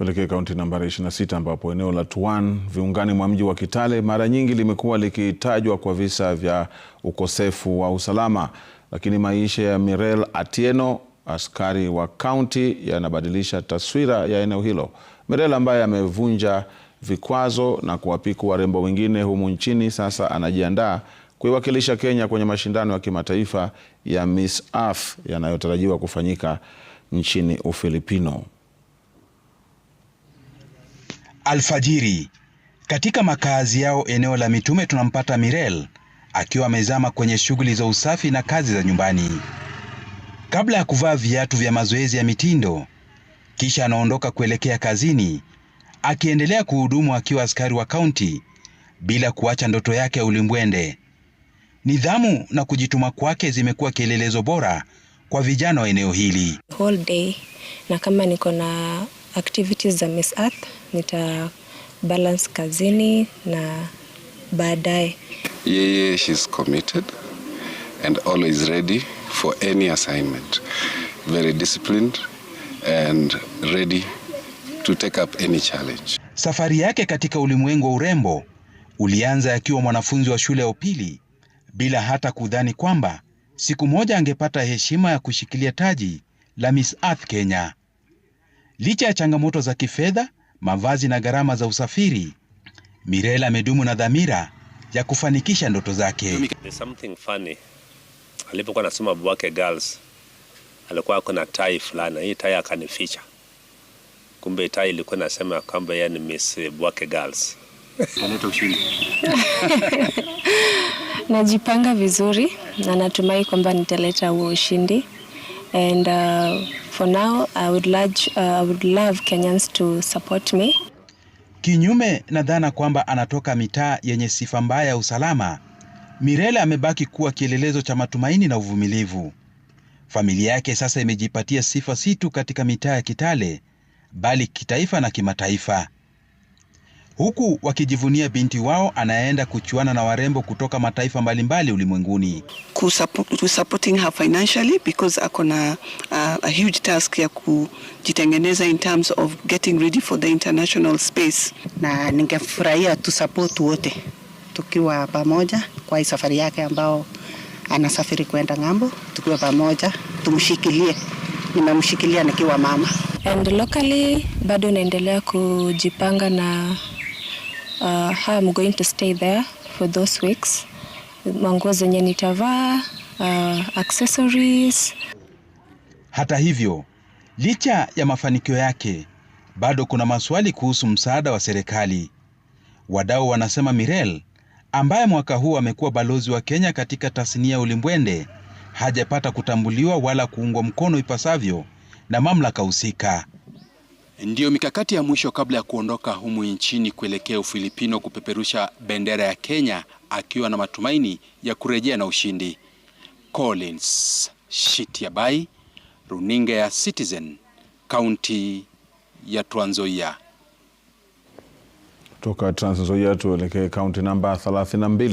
Tuelekee kaunti nambari 26 ambapo eneo la Tuan viungani mwa mji wa Kitale mara nyingi limekuwa likitajwa kwa visa vya ukosefu wa usalama, lakini maisha ya Mirel Atieno, askari wa kaunti, yanabadilisha taswira ya eneo hilo. Mirel ambaye amevunja vikwazo na kuwapiku warembo wengine humu nchini, sasa anajiandaa kuiwakilisha Kenya kwenye mashindano ya kimataifa ya Miss Earth yanayotarajiwa kufanyika nchini Ufilipino alfajiri katika makazi yao eneo la Mitume, tunampata Mirel akiwa amezama kwenye shughuli za usafi na kazi za nyumbani, kabla ya kuvaa viatu vya mazoezi ya mitindo, kisha anaondoka kuelekea kazini, akiendelea kuhudumu akiwa askari wa kaunti bila kuacha ndoto yake ya ulimbwende. Nidhamu na kujituma kwake zimekuwa kielelezo bora kwa vijana wa eneo hili. Whole day, na kama niko na activities za Miss Earth nita balance kazini na baadaye. Yeye she's committed and always ready for any assignment. Very disciplined and ready to take up any challenge. Safari yake katika ulimwengu wa urembo ulianza akiwa mwanafunzi wa shule ya upili bila hata kudhani kwamba siku moja angepata heshima ya kushikilia taji la Miss Earth Kenya. Licha ya changamoto za kifedha, mavazi na gharama za usafiri, Mirela amedumu na dhamira ya kufanikisha ndoto zake. Alipokuwa anasoma Bwake Girls alikuwa ako na tai fulani, hii tai akanificha, kumbe tai ilikuwa inasema kwamba yeye ni Miss Bwake Girls. Aleta ushindi. Najipanga vizuri na natumai kwamba nitaleta huo ushindi and uh, for now I would, large, uh, I would love Kenyans to support me. Kinyume na dhana kwamba anatoka mitaa yenye sifa mbaya ya usalama, Mirela amebaki kuwa kielelezo cha matumaini na uvumilivu. Familia yake sasa imejipatia sifa si tu katika mitaa ya Kitale bali kitaifa na kimataifa huku wakijivunia binti wao anaenda kuchuana na warembo kutoka mataifa mbalimbali ulimwenguni. Supporting her financially because ako na uh, a huge task ya kujitengeneza in terms of getting ready for the international space, na ningefurahia tu support wote tukiwa pamoja kwa hii safari yake ambao anasafiri kwenda ng'ambo, tukiwa pamoja tumshikilie. Nimemshikilia nikiwa mama. And locally bado naendelea kujipanga na uh, how I'm going to stay there for those weeks, manguo zenye nitavaa, uh, accessories. Hata hivyo, licha ya mafanikio yake, bado kuna maswali kuhusu msaada wa serikali. Wadau wanasema Mirel ambaye mwaka huu amekuwa balozi wa Kenya katika tasnia ulimbwende hajapata kutambuliwa wala kuungwa mkono ipasavyo na mamlaka husika. Ndiyo mikakati ya mwisho kabla ya kuondoka humu nchini kuelekea Ufilipino kupeperusha bendera ya Kenya akiwa na matumaini ya kurejea na ushindi. Collins Shitiabai, Runinga ya Citizen, kaunti ya Trans Nzoia. Kutoka Trans Nzoia tuelekee kaunti namba 32.